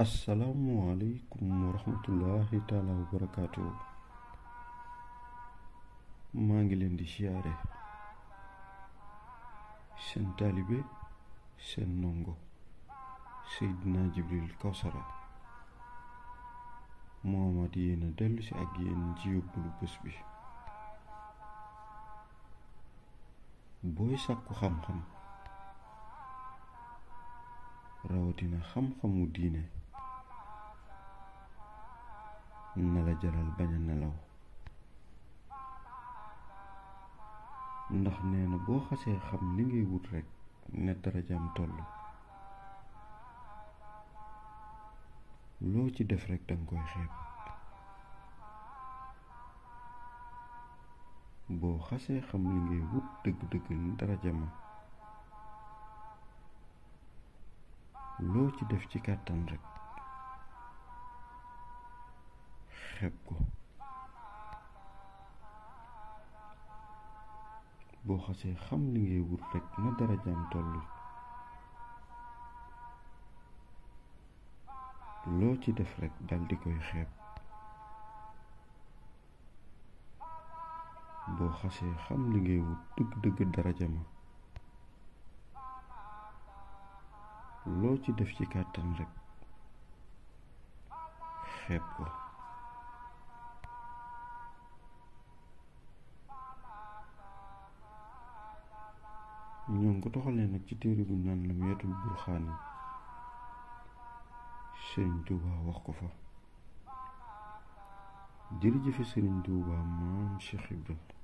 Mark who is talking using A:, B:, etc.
A: asalaamualeykum wa rahmatullahi taala barakaatu maa ngi leen di siyaare seen taalibe seen ndongo Seydina Jibril Kawsara Muhammad yéen a dellu si ak yéen ci yóbbalu bés bi booy sàkku xam-xam rawatina xam-xamu diine na la ndax nee na boo xasee xam li ngay wut rek ne darajaam toll loo ci def rek danga koy xeeb boo xasee xam li ngay wut dëgg-dëgg ni darajama loo ci def ci kàttan rek xeeb ko boo xasee xam li ngay wut rekk na dara jaam loo ci def rekk dal di koy xeeb boo xasee xam li ngay wut dëgg-dëgg daraja ma loo ci def ci kàttan rekk xeeb ko ñoo ngi ko nag ci téere bu naan la Lamyatul Burxaani Sëriñ Tuuba wax ko fa jërëjëfe Sëriñ Tuuba maam Cheikh Ibrahima